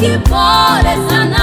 Mungu pole sana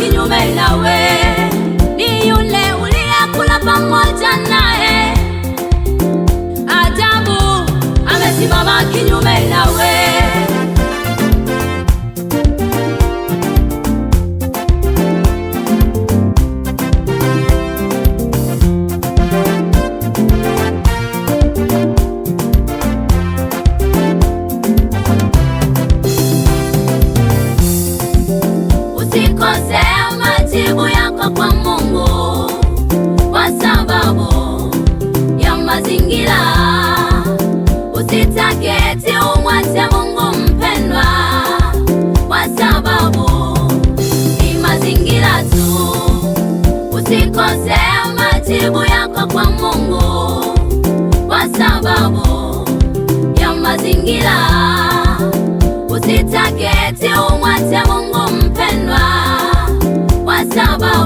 kinyume nawe ni yule uliyekula pamoja naye. Ajabu, amesimama kinyume kutoka kwa Mungu kwa sababu ya mazingira. Usitake eti umwache Mungu mpendwa, kwa sababu ni mazingira tu. Usikose majibu yako kwa Mungu kwa sababu ya mazingira. Usitake eti umwache Mungu mpendwa kwa sababu